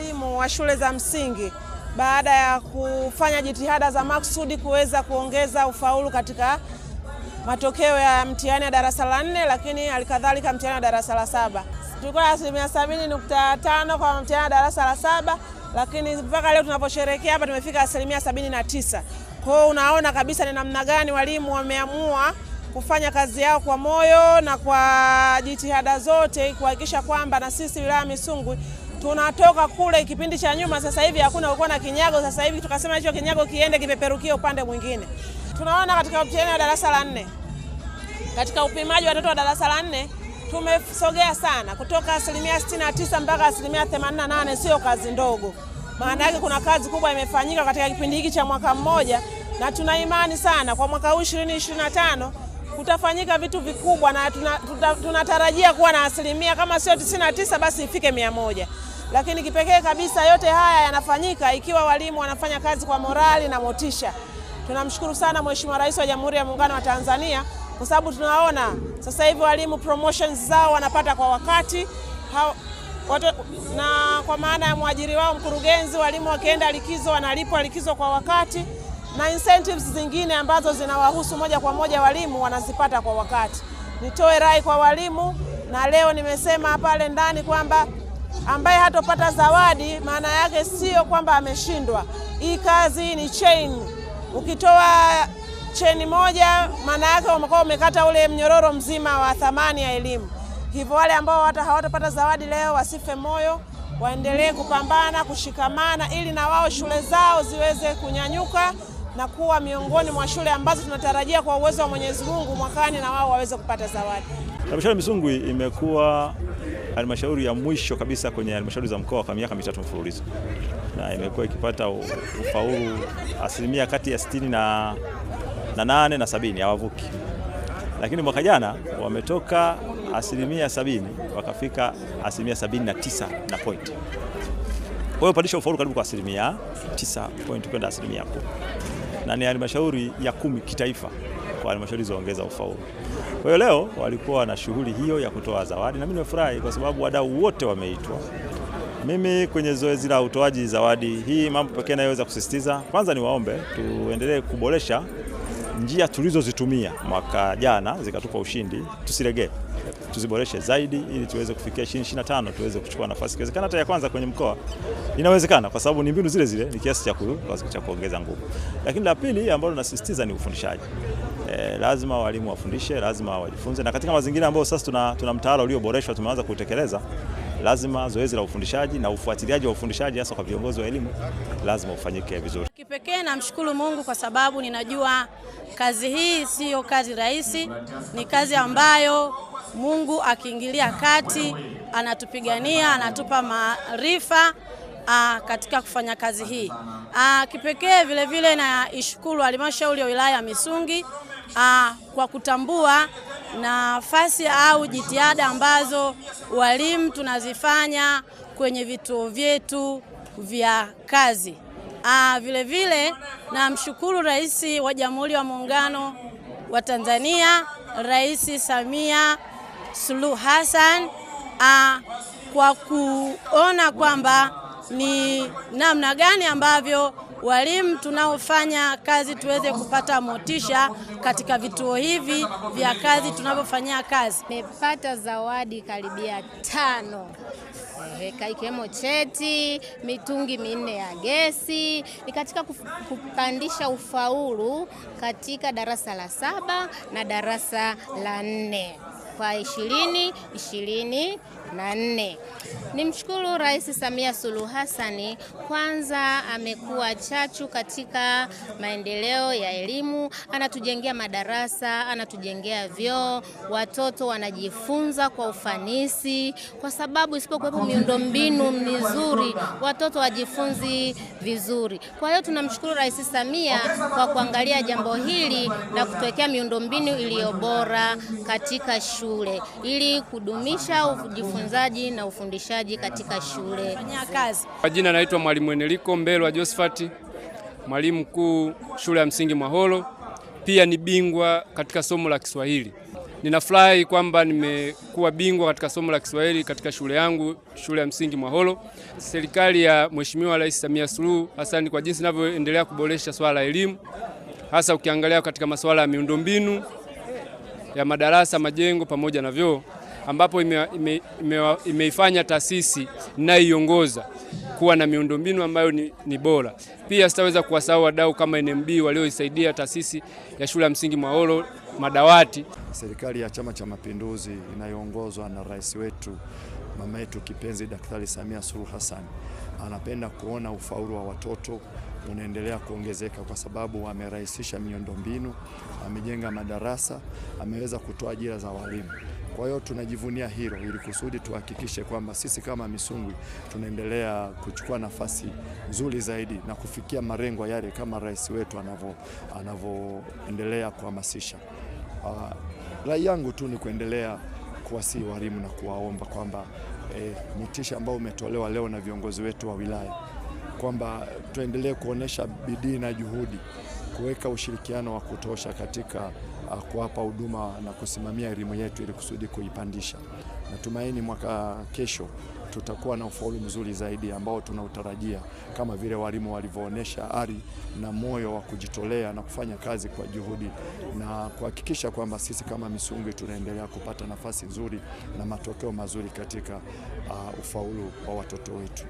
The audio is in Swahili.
walimu wa shule za msingi baada ya kufanya jitihada za maksudi kuweza kuongeza ufaulu katika matokeo ya mtihani wa darasa la nne, lakini alikadhalika mtihani wa darasa la saba tulikuwa na asilimia sabini nukta tano kwa mtihani wa darasa la saba, lakini mpaka leo tunaposherekea hapa tumefika asilimia sabini na tisa. Kwa hiyo unaona kabisa ni namna gani walimu wameamua kufanya kazi yao kwa moyo na kwa jitihada zote kuhakikisha kwamba na sisi wilaya Misungwi tunatoka kule kipindi cha nyuma, sasa hivi hakuna kukuwa na kinyago. Sasa hivi tukasema hicho kinyago kiende kipeperukie upande mwingine. Tunaona katika mtihani wa darasa la nne, katika upimaji wa watoto wa darasa la nne tumesogea sana kutoka asilimia 69 mpaka asilimia 88. Sio kazi ndogo, maana yake kuna kazi kubwa imefanyika katika kipindi hiki cha mwaka mmoja, na tuna imani sana kwa mwaka huu 2025 kutafanyika vitu vikubwa na tunatarajia kuwa na asilimia kama sio 99 basi ifike mia moja. Lakini kipekee kabisa yote haya yanafanyika ikiwa walimu wanafanya kazi kwa morali na motisha. Tunamshukuru sana Mheshimiwa Rais wa Jamhuri ya Muungano wa Tanzania kwa sababu tunaona sasa hivi walimu promotions zao wanapata kwa wakati ha, wato, na kwa maana ya mwajiri wao mkurugenzi, walimu wakienda likizo wanalipwa likizo kwa wakati na incentives zingine ambazo zinawahusu moja kwa moja walimu wanazipata kwa wakati. Nitoe rai kwa walimu, na leo nimesema pale ndani kwamba ambaye hatopata zawadi maana yake sio kwamba ameshindwa. Hii kazi ni chain, ukitoa cheni moja maana yake umekuwa umekata ule mnyororo mzima wa thamani ya elimu. Hivyo wale ambao hata hawatapata zawadi leo wasife moyo, waendelee kupambana, kushikamana ili na wao shule zao ziweze kunyanyuka na kuwa miongoni mwa shule ambazo tunatarajia kwa uwezo wa Mwenyezi Mungu mwakani na wao waweze kupata zawadi. Halmashauri Misungwi imekuwa halmashauri ya mwisho kabisa kwenye halmashauri za mkoa kwa miaka mitatu mfululizo na imekuwa ikipata ufaulu asilimia kati ya sitini na nane na sabini hawavuki, lakini mwaka jana wametoka asilimia sabini wakafika asilimia sabini na tisa na pointi. Kwa hiyo upandisha ufaulu karibu kwa asilimia tisa point kwenda asilimia kumi na ni halmashauri ya kumi kitaifa kwa halmashauri zilizoongeza ufaulu. Kwa hiyo leo walikuwa na shughuli hiyo ya kutoa zawadi, na mimi nimefurahi kwa sababu wadau wote wameitwa. Mimi kwenye zoezi la utoaji zawadi hii, mambo pekee nayoweza kusisitiza, kwanza ni waombe tuendelee kuboresha njia tulizozitumia mwaka jana zikatupa ushindi, tusiregee, tuziboreshe zaidi ili tuweze kufikia 2025 tuweze kuchukua nafasi ikiwezekana hata ya kwanza kwenye mkoa. Inawezekana kwa sababu ni mbinu zile zile, ni kiasi cha kuongeza nguvu. Lakini la pili ambalo nasisitiza ni ufundishaji. E, lazima walimu wafundishe, lazima wajifunze, na katika mazingira ambayo sasa tuna, tuna mtaala ulioboreshwa tumeanza kutekeleza lazima zoezi la ufundishaji na ufuatiliaji wa ufundishaji hasa kwa viongozi wa elimu lazima ufanyike vizuri. Kipekee namshukuru Mungu kwa sababu ninajua kazi hii siyo kazi rahisi, ni kazi ambayo Mungu akiingilia kati anatupigania, anatupa maarifa ah, katika kufanya kazi hii. Ah, kipekee vilevile naishukuru halmashauri ya wilaya ya Misungi aa, ah, kwa kutambua nafasi au jitihada ambazo walimu tunazifanya kwenye vituo vyetu vya kazi. Ah, vile vile namshukuru Rais wa Jamhuri ya Muungano wa Tanzania, Rais Samia Suluhu Hassan ah, kwa kuona kwamba ni namna gani ambavyo walimu tunaofanya kazi tuweze kupata motisha katika vituo hivi vya kazi tunavyofanyia kazi. Nimepata zawadi karibia tano Ehe, ikiwemo cheti, mitungi minne ya gesi. Ni katika kupandisha ufaulu katika darasa la saba na darasa la nne kwa 2024. Nimshukuru Rais Samia Suluhu Hassan, kwanza amekuwa chachu katika maendeleo ya elimu, anatujengea madarasa, anatujengea vyoo, watoto wanajifunza kwa ufanisi, kwa sababu isipokuwepo miundombinu mizuri watoto wajifunzi vizuri. Kwa hiyo tunamshukuru Rais Samia kwa kuangalia jambo hili na kutuwekea miundombinu iliyo bora katika shule shule ili kudumisha ujifunzaji na ufundishaji katika shule. Kwa jina naitwa Mwalimu Eneliko Mbelwa Josephati, mwalimu mkuu shule ya msingi Mwaholo, pia ni bingwa katika somo la Kiswahili. Ninafurahi kwamba nimekuwa bingwa katika somo la Kiswahili katika shule yangu, shule ya msingi Mwaholo. Serikali ya Mheshimiwa Rais Samia Suluhu Hassan, kwa jinsi inavyoendelea kuboresha swala la elimu, hasa ukiangalia katika masuala ya miundombinu ya madarasa, majengo pamoja na vyoo, ambapo ime, ime, ime, imeifanya taasisi ninayoiongoza kuwa na miundombinu ambayo ni, ni bora. Pia sitaweza kuwasahau wadau kama NMB walioisaidia taasisi ya shule ya msingi Mwaolo madawati. Serikali ya Chama cha Mapinduzi inayoongozwa na rais wetu mama yetu kipenzi Daktari Samia Suluhu Hassan anapenda kuona ufaulu wa watoto unaendelea kuongezeka kwa sababu amerahisisha miundombinu, amejenga madarasa, ameweza kutoa ajira za walimu. Kwa hiyo tunajivunia hilo ili kusudi tuhakikishe kwamba sisi kama Misungwi tunaendelea kuchukua nafasi nzuri zaidi na kufikia malengo yale kama rais wetu anavyoendelea kuhamasisha. Uh, rai yangu tu ni kuendelea kuwasihi walimu na kuwaomba kwamba eh, mtisha ambao umetolewa leo na viongozi wetu wa wilaya kwamba tuendelee kuonyesha bidii na juhudi kuweka ushirikiano wa kutosha katika uh, kuwapa huduma na kusimamia elimu yetu ili kusudi kuipandisha. Natumaini mwaka kesho tutakuwa na ufaulu mzuri zaidi ambao tunautarajia kama vile walimu walivyoonyesha ari na moyo wa kujitolea na kufanya kazi kwa juhudi na kuhakikisha kwamba sisi kama Misungwi tunaendelea kupata nafasi nzuri na matokeo mazuri katika uh, ufaulu wa watoto wetu.